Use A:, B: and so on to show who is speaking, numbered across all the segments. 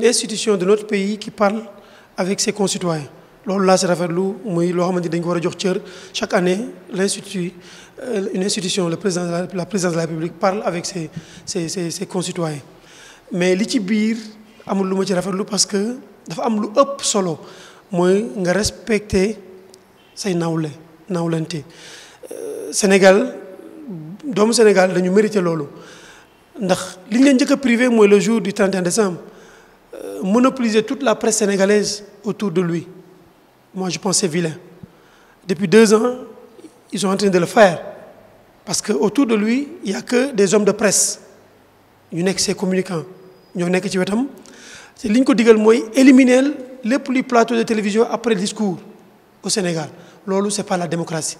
A: une institution de notre pays qui parle avec ses concitoyens C'est ce que rafetlu muy loo chaque année euh, une institution le président la présidence de la république parle avec ses ses ses ses concitoyens mais li ci biir amul lu parce que dafa am lu ëpp solo mooy nga respecter say nawle nawlante euh, Sénégal doomu Sénégal nous méritons loolu ndax li leen privé le jour du 31 décembre monopoliser toute la presse sénégalaise autour de lui. Moi, je pensais vilain. Depuis deux ans, ils sont en train de le faire. Parce qu'autour de lui, il n'y a que des hommes de presse. ñu que ses communicants ñoo nekk ci wetam te li digal éliminer les plus plateaux de télévision après le discours au Sénégal Ce n'est pas la démocratie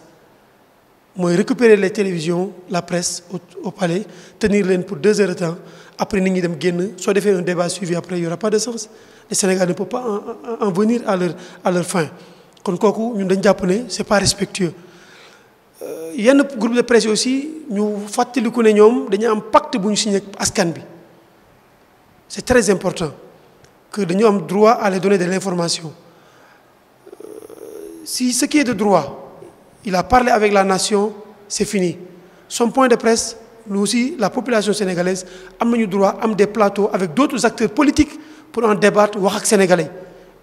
A: veux récupérer les télévisions la presse au palais tenir l'une pour deux heures de temps après nous ñi dem Soit de faire un débat suivi après il n'y aura pas de sens Les Sénégal ne peuvent pas en, venir à leur fin Quand nous ñun dañ Japonais, ce c'est pas respectueux Il y a un groupe de presse aussi ñu avons ne pacte pour nous signé ak c'est très important que nous am droit à les donner de l'information euh, si ce qui est de droit il a parlé avec la nation c'est fini son point de presse nous aussi, la population sénégalaise, avons le droit à des plateaux avec d'autres acteurs politiques pour en débattre avec les sénégalais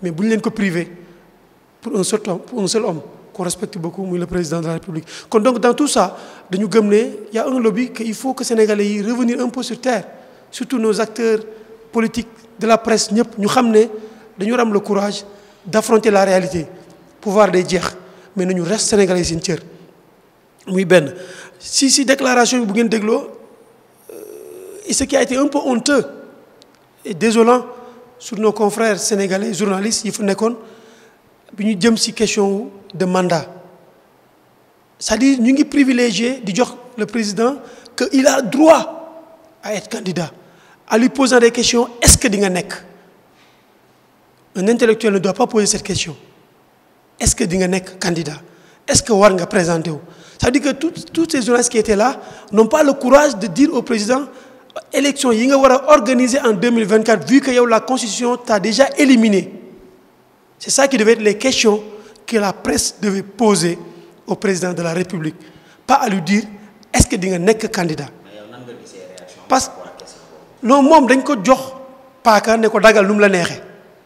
A: mais bu que que privé pour un seul homme qu'on respecte beaucoup le président de la République donc dans tout ça nous y a un lobby qu'il faut que sénégalais reviennent un peu sur terre surtout nos acteurs politiques de la presse nous ñu nous le courage d'affronter la réalité pouvoir les dire, mais nous restons sénégalais entiers. Oui ben si si déclaration vous bu ngeen euh, ce qui a été un peu honteux et désolant sur nos confrères sénégalais journalistes il faut qu'on bi question de mandat c'est-à-dire privilégié le président qu'il a droit à être candidat à lui poser des questions est-ce que di un intellectuel ne doit pas poser cette question est-ce que di candidat est-ce que war nga présenté ça veut dire que tous ces journalistes qui étaient là n'ont pas le courage de dire au président euh, élection yi nga organisée en 2024 vu que la constitution t'a déjà éliminé c'est ça qui devait être les questions que la presse devait poser au président de la République pas à lui dire est-ce que tu nga un candidat parce que non ne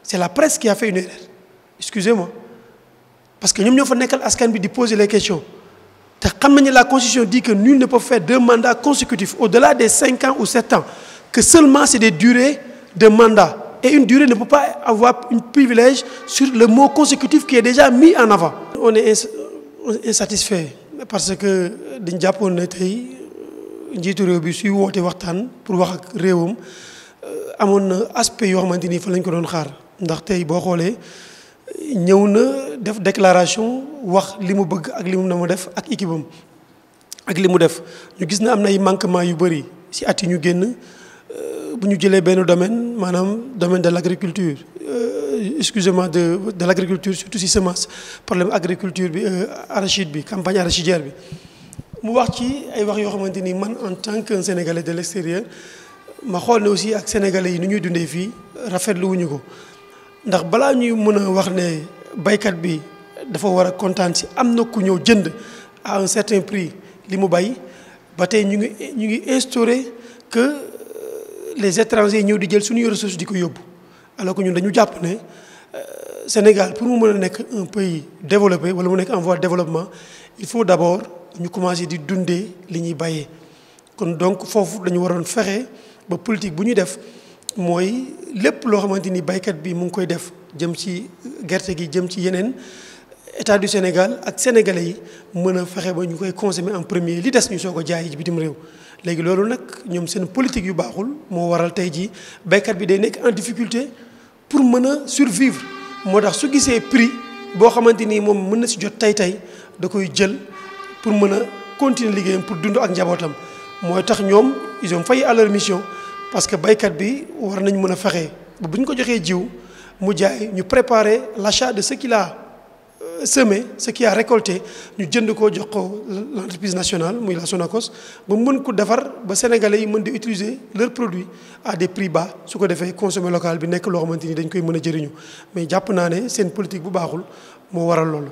A: c'est la presse qui a fait une erreur excusez-moi parce que nous ñoo nekkal askan bi di poser les questions xam la constitution dit que nul ne peut faire deux mandats consécutifs au-delà des 5 ans ou 7 ans que seulement c'est des durées de mandat et une durée ne peut pas avoir un privilège sur le mot consécutif qui est déjà mis en avant. on est insatisfait parce que dañ le Japon, on a été. bi su waxtan pour wax ak rewum euh, amone aspect yo xamanteni fa lañ ko don xaar ndax ñëw na def déclaration wax li mu bëgg ak li mu na mu def ak équipe am ak li mu def ñu gis na am na ay manquement yu bëri si at yi ñu génn euh, bu ñu jëlee benn domaine maanaam domaine de l' agriculture euh, excusez-moi de de l' agriculture surtout si semence problème agriculture bi euh, arachide bi campagne arachidière bi mu wax ci ay wax yoo xamante ni man en tant que sénégalais de l' extérieur ma xool ne aussi ak sénégalais yi nu ñuy dundee fii rafetlu wuñu ko ndax balaa ñuy mën a wax ne baykat bi dafa war a kontaan si am na ku ñëw jënd à un certain prix li mu bay ba tey ñu ngi ñu ngi instauré que euh, les étrangers ñëw di jël suñu ressources di ko yóbbu alors que ñun dañu jàpp ne euh, Sénégal pour mu mën a nekk un pays développé wala mu nekk en voie de développement il faut d'abord ñu commencer di dundee li ñuy bayee kon donc foofu dañu waroon fexe ba politique bu ñu def moy lepp lo xamanteni baykat bi mu ngi koy def jëm ci gerte gi jëm ci yenen état du Sénégal ak sénégalais yi meuna a ba ñu koy consommer en premier li dess ñu soko jaay ci bitim réew. léegi loolu nak ñom seen politique yu baxul mo waral tay ji baykat bi day nek en difficulté pour meuna survivre motax su gisee prix bo xamanteni mom meuna ci jot tay tay da koy jël pour meuna continuer liggéeyam pour dund ak njabootam mooy tax ñoom ils ont failli à leur mission parce que baykat bi war nañ mëna a buñ ko joxé jiw mu jaay ñu préparer l'achat de ce qu'il a euh, semé ce qu'il a récolté ñu jënd ko jox ko l'entreprise nationale muy la Sonacos ba mën ko défar ba sénégalais yi mën di utiliser leurs produits à des prix bas su ko defee consommer local bi nek lo xamanteni dañ koy mëna jëriñu mais japp naané ne politique bu baxul mo waral loolu.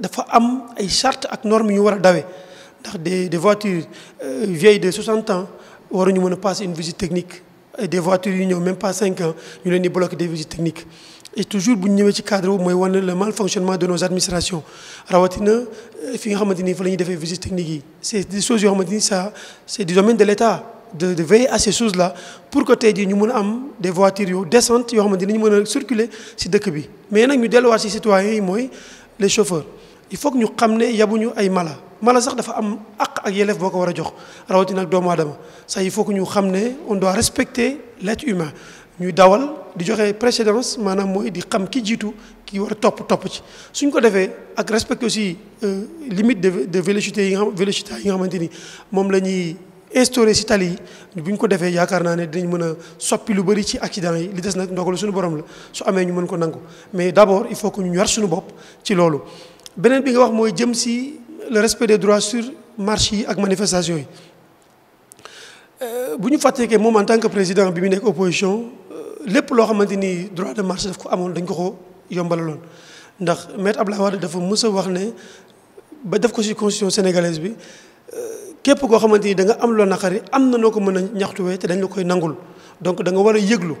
A: Il am ay charte ak normes yu war a des voitures euh, vieilles de 60 ans waruñu mën a passer une visite technique des voitures yu ñëw même pas 5 ans ñu leen di pas des visite technique. et toujours bu ñu ñëwee ci cadre boobu mooy le mal fonctionnement de nos administrations rawatina euh, fi nga xamante ni fa la ñuy visite technique c'est des choses yoo xamante ça c'est du domaine de l'État de de veiller à ces choses là pour que tey jii ñu a am des voitures yu décentes yoo xamante ni ñu mën a circuler ci dëkk bi mais nag ñu yi les chauffeurs. il faut que ñu xam ne yabuñu ay mala mala sax dafa am àq ak yelleef boo ko war a jox rawatina ak doomu aadama sax il faut que ñu xam ne on doit respecter l'être humain ñuy dawal di joxe précédence maanaam mooy di xam ki jiitu ki war a topp topp ci suñ ko defee ak respecter aussi euh, limite de de vélocité yi nga xam vélocité yi nga xamante ni moom la ñuy instauré si tali yi bu ñu ko defee yaakaar naa ne dinañ mën a soppi lu bëri ci accident yi li des nag ndogalu suñu borom la su amee ñu mën ko nangu mais d'abord il faut que ñu war suñu bopp ci loolu. benen bi nga wax moy jëm ci le respect des droits sur marche yi ak manifestation yi euh, bu ñu fàtteekee moom en tant que président bi mi nek opposition euh, lépp lo xamanteni droit de marche daf ko amone dañ ko ko yombalalon ndax maître Abdoulaye Wade dafa mës wax né ba def ko ci constitution sénégalaise bi euh, képp ko xamanteni da nga am lo nakari am na noo ko mën a ñaxtuwee te dañ la koy nangul donc da nga wara yeglu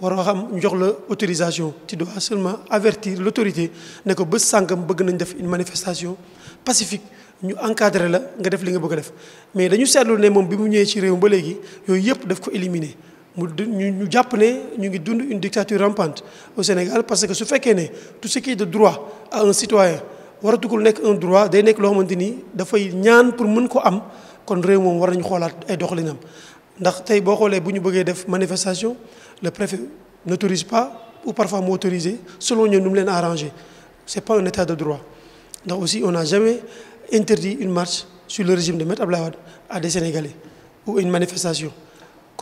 A: waro xam jox la autorisation ci dois seulement avertir l'autorité ne ko bés sangam bëgg nañ def une manifestation pacifique ñu encadrer la nga def li nga bëgg def mais dañu sétlu né mom bi mu ñëwé ci réew ba légui yoy yëpp daf ko éliminer mu ñu japp né ñu ngi dund une dictature rampante au Sénégal parce que su féké né tout ce qui est de droit à un citoyen waratugul nek un droit day nek lo xamanteni da fay ñaan pour mën ko am kon réew moom war nañ xolaat ay doxalinam ndax tay bo xolé bu ñu bëggee def manifestation le préfet n'autorise pas ou parfois m'autorise selon nous, nous arrangé Ce n'est pas un état de droit. Donc aussi, on n'a jamais interdit une marche sur le régime de Maître Ablawad à des Sénégalais ou une manifestation.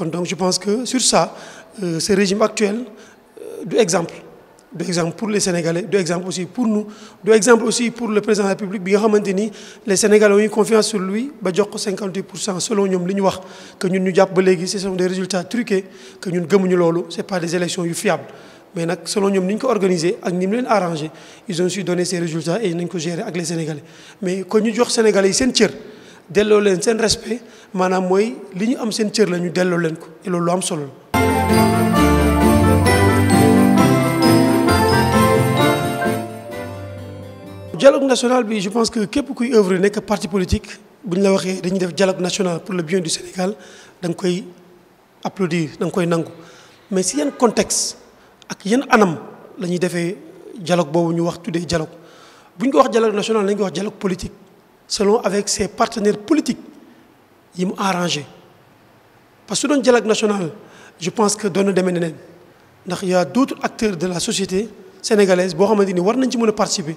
A: Donc je pense que sur ça, euh, ce régime actuel, euh, d'exemple, exemples pour les Sénégalais, deux exemples aussi pour nous, deux exemples aussi pour le président de la République. les Sénégalais ont confiance sur lui, bah 58% selon nous, nous ce sont des résultats truqués, que ne pas des élections fiables. Mais selon nous, nous organisé, nous avons arrangé, ils ont su donner ces résultats et nous avons géré avec les Sénégalais. Mais quand nous Sénégalais, respect dialogue national je pense que képp kuy œuvre que parti politique si on la un dañuy dialogue national pour le bien du Sénégal donc koy applaudir mais si un contexte ak un anam la ñuy dialogue boobu ñu wax tuddee dialogue Si on ko wax dialogue national on dialogue politique selon avec ses partenaires politiques ils m'a arrangé parce que dans le dialogue national je pense que dans le domaine, il y a d'autres acteurs de la société sénégalaise qui ont dit participer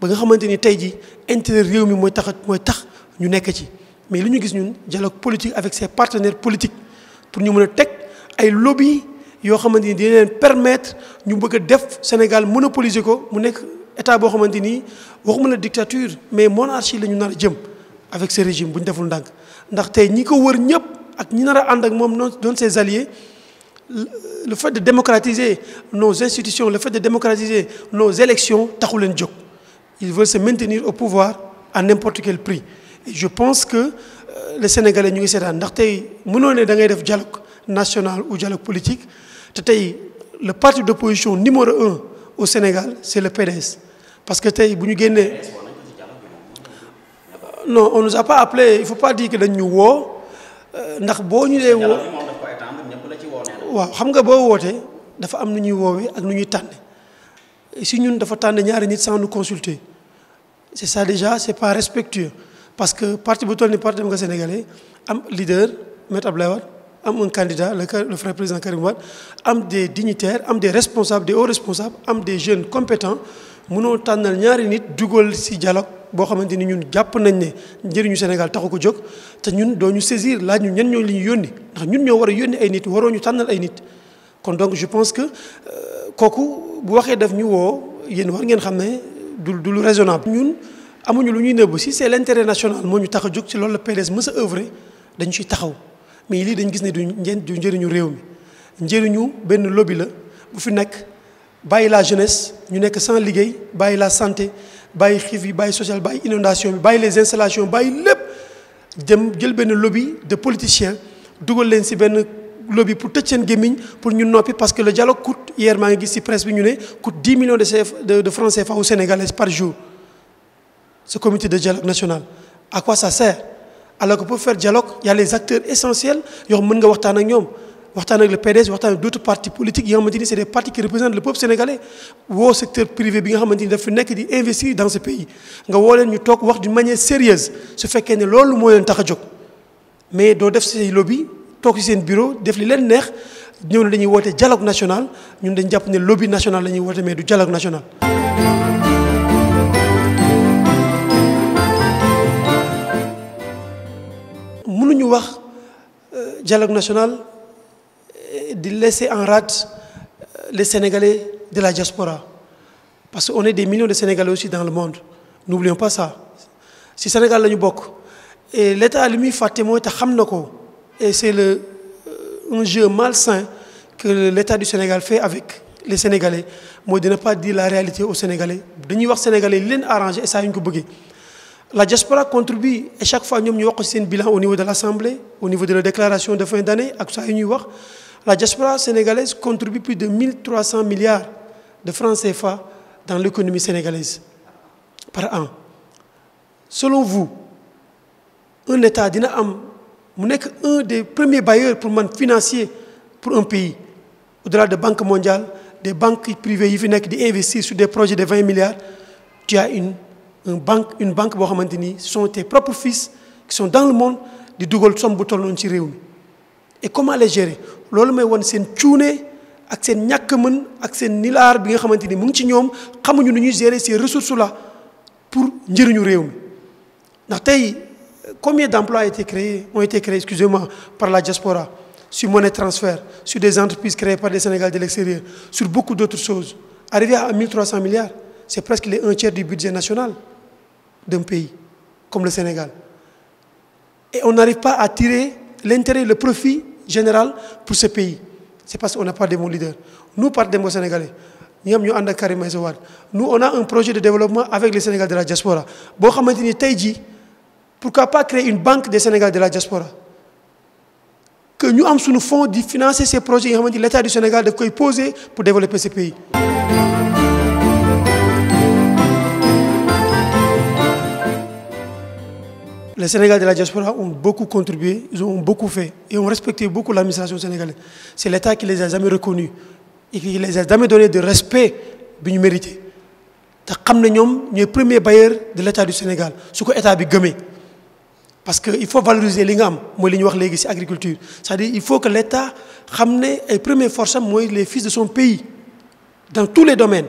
A: ba nga xamante aujourd'hui tey ji intérêt réew mi mooy tax mooy tax ñu nekk ci mais li ñu gis ñun dialogue politique avec ses partenaires politiques pour ñu mën a teg ay lobby yoo xamante ni dina leen permettre ñu bëgg def Sénégal monopoliser ko mu nekk état bo xamanteni waxuma na dictature mais monarchie la ñu jëm avec ce régime buñ deful ndank ndax tay ñi ko wër ñëpp ak ñi nara a ak ses alliés le fait de démocratiser nos institutions le fait de démocratiser nos élections taxu leen jóg. Ils veulent se maintenir au pouvoir à n'importe quel prix. je pense que euh, les Sénégalais ñu ngi pas ndax tey mënoo dialogue national ou dialogue politique le parti d'opposition numéro un au Sénégal c'est le PDS parce que si nous ñu non on ne nous a pas appelé il ne faut pas dire que dañ ñu woo euh, ndax boo nous dee woo xam nga boo wootee dafa am nu ñuy woowee ak nu ñuy si ñun dafa tànn ñaari nit sans nous consulter c'est ça déjà c'est pas respectueux parce que parti bu toll ni parti démocratique sénégalais am leader Maître Abdoulaye am un candidat le frère président Karim Wade am des dignitaires am des responsables des hauts responsables am des jeunes compétents mënoo tànnal ñaari nit dugal ci dialogue boo xamante ñun jàpp nañ ne njëriñu Sénégal taxu ko te ñun doo saisir laaj ñu ñen ñoo li ñu yónni ndax ñun ñoo a ay nit waroo ñu tànnal ay nit donc je pense que si euh, bu waxee daf ñu woo yéen war ngeen du du lu raisonnable. ñun amuñu lu ñuy nëbb si c'est l'intérêt national moo ñu tax a jóg ci loolu la PDS mës œuvrer dañ ciy taxaw mais il dañ gis ne du du njëriñu réew mi njëriñu benn lobby la bu fi nekk bàyyi la jeunesse ñu nekk sans liggéey bàyyi la santé bàyyi xiif yi bàyyi social bàyyi inondation bi les installations bàyyi le dem jël ben lobby de politiciens, dugal leen si ben lobby pour tout le monde, pour nous nopi parce que le dialogue coûte hier ma gis ci presse bi coûte 10 millions de de francs CFA aux Sénégalais par jour ce comité de dialogue national à quoi ça sert alors que pour faire dialogue il y a les acteurs essentiels yo mën nga waxtaan ak ñom waxtaan ak le PDS waxtaan ak d'autres partis politiques yo sont c'est des partis qui représentent le peuple sénégalais Le secteur privé bi nga xamante des daf fi di investir dans ce pays nga woo leen ñu tok wax d'une manière sérieuse ce fait ne lolu moo de faire le mais do def lobby toog ci un bureau def li len neex ñew na dañuy dialogue national ñun dañ un ne lobby national lañuy ñuy woote mais du dialogue national. ñu wax euh, dialogue national euh, di laisser en rade euh, les Sénégalais de la diaspora parce qu'on est des millions de Sénégalais aussi dans le monde n'oublions pas ça si Sénégal là, ñu bokk et l'État li muy fàtte mooy te et c'est le, euh, un jeu malsain que l'État du Sénégal fait avec les Sénégalais. Moi, je ne pas dire la réalité aux Sénégalais. De nous Sénégalais, l'un arrangé et ça, une La diaspora contribue et chaque fois, nous avons un bilan au niveau de l'Assemblée, au niveau de la déclaration de fin d'année, à ça, La diaspora sénégalaise contribue plus de 1300 milliards de francs CFA dans l'économie sénégalaise par an. Selon vous, un État dina am mu nekk un des premiers bailleurs pour financier pour un pays au-delà de banque mondiale des banques privées qui sur des projets de 20 milliards tu as une banque une banque de sont tes propres fils qui sont dans le monde di dugal et comment les gérer lolou may won vous tiouné ak sen gérer ces ressources là pour nous Combien d'emplois ont été créés, ont été créés excusez par la diaspora, sur monnaie de transfert, sur des entreprises créées par les Sénégalais de l'extérieur, sur beaucoup d'autres choses. Arriver à 1300 milliards, c'est presque les un tiers du budget national d'un pays comme le Sénégal. Et on n'arrive pas à tirer l'intérêt, le profit général pour ce pays. C'est parce qu'on n'a pas de bons leaders. Nous, par des mots sénégalais, nous, on a un projet de développement avec les Sénégalais de la diaspora. Si pourquoi pas créer une banque des Sénégal de la diaspora que avons sous nos fonds de financer ces projets et hein, l'état du Sénégal daf poser pour développer ces pays. les Sénégalais de la diaspora ont beaucoup contribué, ils ont beaucoup fait et ont respecté beaucoup l'administration sénégalaise. C'est l'État qui les a jamais reconnus et qui les a jamais donné de respect que nous mérité Nous sommes les premiers bailleurs premier de l'État du Sénégal ce que l'État a gëmee parce qu'il faut valoriser li c'est-à-dire il faut que l'État ramène et ay première force les fils de son pays dans tous les domaines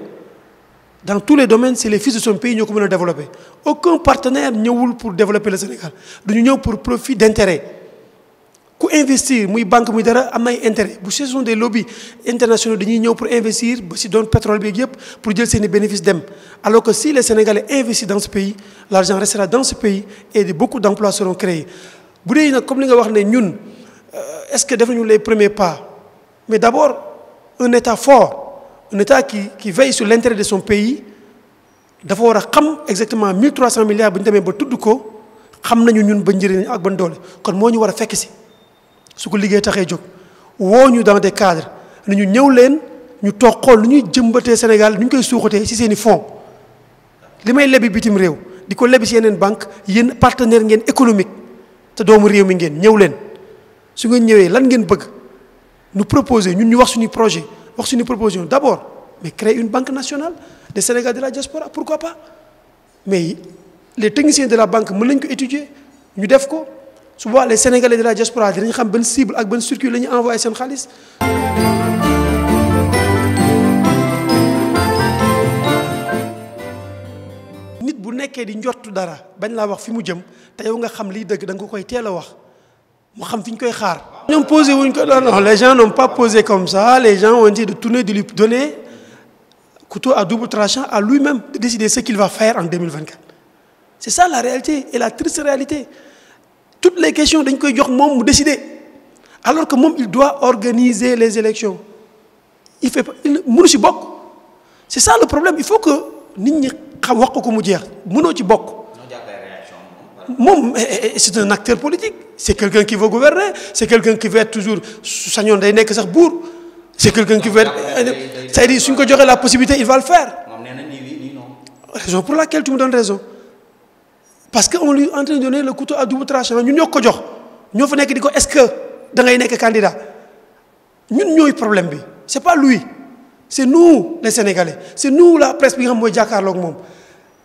A: dans tous les domaines c'est les fils de son pays qui ont développé. développer aucun partenaire n'est pour développer le Sénégal Nous l'Union pour profit d'intérêt ku investir muy banque muy dara am na intérêt bu ce sont des lobbies internationaux dañuy ñëw pour investir ba si doon pétrole bi yëpp pour jël seen bénéfice dem alors que si les Sénégalais investissent dans ce pays l'argent restera dans ce pays et de beaucoup d'emplois seront créés bu dee nag comme li nga wax ne ñun euh, est ce que def les premiers pas mais d'abord, un état fort un état qui qui veille sur l'intérêt de son pays dafa war xam exactement 1300 milliards bu ñu demee ba tudd ko xam nañu ñun ba njëriñ ak ban doole kon moo ñu war a fekk si su liggéey taxé dans des cadres nous ñu Sénégal ñu koy ci fonds lebi bitim banque partenaire économique te doomu réew mi ngeen ñew leen su lan Nous bëgg nous proposer ñun ñu wax suñu projet wax suñu proposition d'abord mais créer une banque nationale des Sénégal de la diaspora pourquoi pas mais les techniciens de la banque mën nous ko étudier ñu def su les sénégalais de la diaspora ils xam ban cible ak ban circuit ils envoient à seen nit bu nekké di njortu dara bañ la wax fi mu jëm té yow nga xam li dëgg da nga koy téla wax mu xam fiñ koy xaar. ñom posé wuñ ko non les gens n'ont pas posé comme ça les gens ont dit de tourner de lui donner couteau à double tranchant à lui-même de décider ce qu'il va faire en 2024 c'est ça la réalité et la triste réalité toutes les questions dañ koy jox décider alors que il doit organiser les élections il fait pas c'est ça le problème il faut que nit ñi ko mu jeex eh, eh, eh, c'est un acteur politique c'est quelqu'un qui veut gouverner c'est quelqu'un qui veut être toujours c'est quelqu'un qui veut être c'est-à-dire suñ ko joxee la possibilité il va le faire. raison pour laquelle tu me donnes raison parce qu'on on lui en train de donner le couteau à double tranchant ñun ñoko jox ñoo fa nekk diko est-ce que da ngay nekk candidat ñun ñoy problème bi c'est pas lui c'est nous les Sénégalais c'est nous la presse bi nga moy mooy ak mom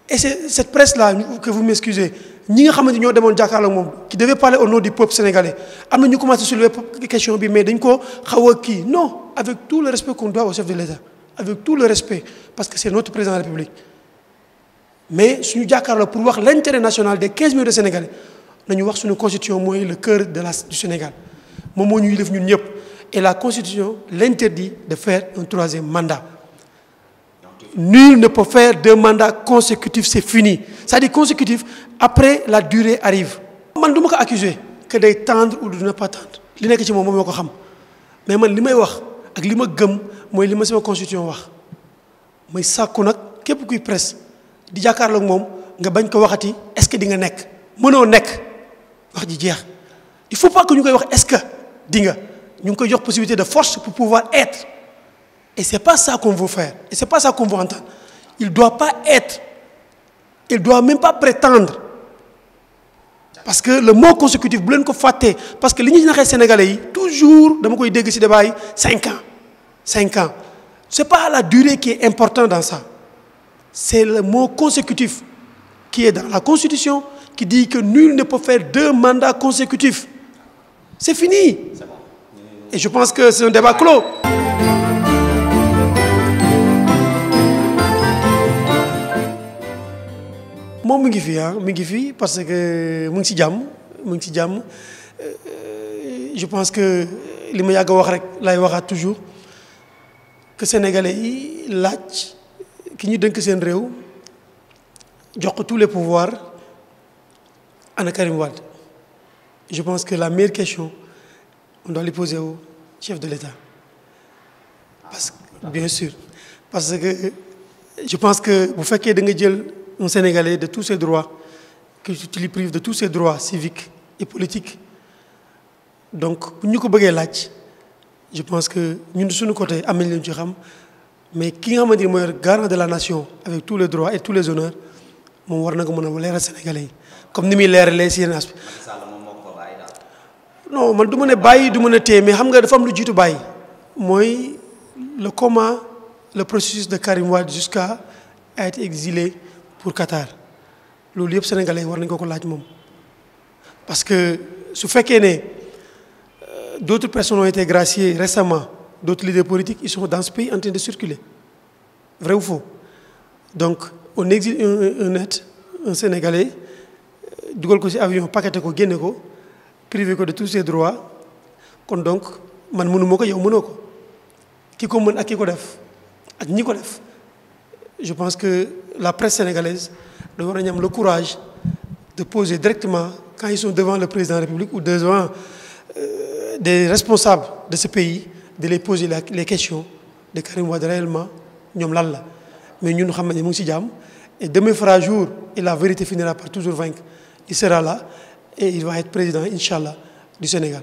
A: et cette presse là que vous m'excusez ñi nga xamante ñoo demoon ak mom qui devait parler au nom du peuple sénégalais am ñu commencé soulever question bi mais dañ ko xaw a non avec tout le respect qu'on doit au chef de l'État avec tout le respect parce que c'est notre président de la République mais suñu jàkkaarloo pour wax l'intérêt national des 15 millions de Sénégalais nañu wax suñu constitution moy le cœur de la du Sénégal Momo moo ñuy def ñun ñep et la constitution l'interdit de faire un troisième mandat nul ne peut faire deux mandats consécutifs c'est fini c'est-à-dire consécutif après la durée arrive man ne ko accuser que day tendre ou de ne pas tendre li nek ci mom mom moo ko xam mais man limay wax ak lima gëm moy ma constitution sama constitution wax may sakku nak képp kuy presse di jakarlo mom nga bañ ko waxati est-ce que di nga nek meuno nek wax ji il faut pas que ñu koy wax est-ce que di nga ñu koy possibilité de force pour pouvoir être et c'est pas ça qu'on veut faire et c'est pas ça qu'on veut entendre il ne doit pas être il ne doit même pas prétendre parce que le mot consécutif bu len ko faté parce que li sénégalais yi toujours dama koy dégg ci débat yi 5 ans Ce ans c'est pas la durée qui est importante dans ça c'est le mot consécutif qui est dans la Constitution qui dit que nul ne peut faire deux mandats consécutifs. C'est fini. Et je pense que c'est un débat clos. Moi, je suis fi parce que je euh, suis euh, je pense que ce que toujours que sénégalais l'âge, qui nous dënk seen réew jox ko tous les pouvoirs ana Karim Wad. je pense que la meilleure question on doit les poser au chef de l'État bien sûr parce que je pense que bu faites da nga jël un Sénégalais de tous ses droits que tu lui prives de tous ses droits civiques et politiques donc pour ñu ko bëggé lacc je pense que ñun suñu côté am ñu xam mais qui nga xamante moi, de la nation avec tous les droits et tous les honneurs mon war na ko mën a Sénégalais comme ni muy leeralee si yenn non man du ma ne bàyyi du ma ne téye mais xam nga dafa am lu jiitu Moi, le coma, le processus de Karim Wade jusqu'à être exilé pour Qatar le lieu sénégalais warna war nañu ko ko laaj moom parce que su fekkee euh, d'autres personnes ont été graciées récemment D'autres leaders politiques, ils sont dans ce pays en train de circuler. Vrai ou faux Donc, on exile un, un, net, un Sénégalais, euh, dugal ko ci avion paqueté ko génne ko privé de tous ses droits qu'on donc man mënu ma yow mënoo ko je pense que la presse sénégalaise devrait avoir le courage de poser directement quand ils sont devant le président de la République ou devant euh, des responsables de ce pays de les poser les questions de Karim Wade réellement ñoom la mais ñun xamné mo ne mu ngi et demain fera jour et la vérité finira par toujours vaincre il sera là et il va être président inshallah du Sénégal.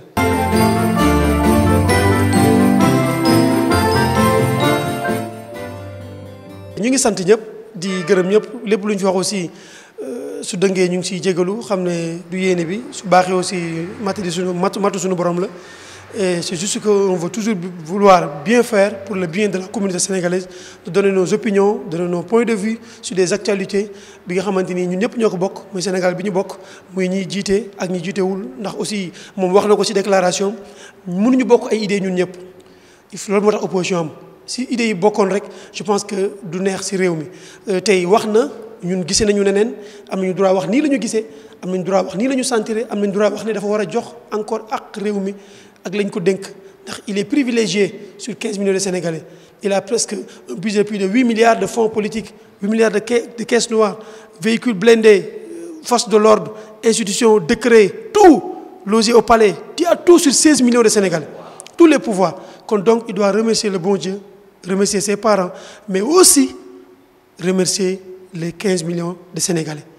A: ñu ngi sant ñep di gërëm ñep lepp lu fi wax aussi euh, su dëngee ñu ngi siy jégalu du yéene bi su baaxee aussi matu suñu matu matu suñu borom la. Et c'est juste qu'on veut toujours vouloir bien faire pour le bien de la communauté sénégalaise, de donner nos opinions, de donner nos points de vue sur des actualités. Bi nga xamanteni ñun ñep ñoko bok bokk muy Sénégal bi ñu bok muy ñi jité ak ñi wul ndax aussi mom wax na ko ci déclaration ñu bok ay idée ñun ñep loolu moo motax opposition am si idée yi bokkoon rek je pense que du neex ci réew mi euh, tey wax na ñun gisee nañu nenen am ñu droit wax ni lañu ñu am ñu droit wax ni lañu sentiré sentir am ñu droit wax ni dafa wara jox encore ak réew mi il est privilégié sur 15 millions de Sénégalais il a presque de plus de 8 milliards de fonds politiques 8 milliards de caisses noires véhicules blindés euh, forces de l'ordre institutions décrets tout logé au palais Il a tout sur 16 millions de Sénégalais tous les pouvoirs donc il doit remercier le bon Dieu remercier ses parents mais aussi remercier les 15 millions de Sénégalais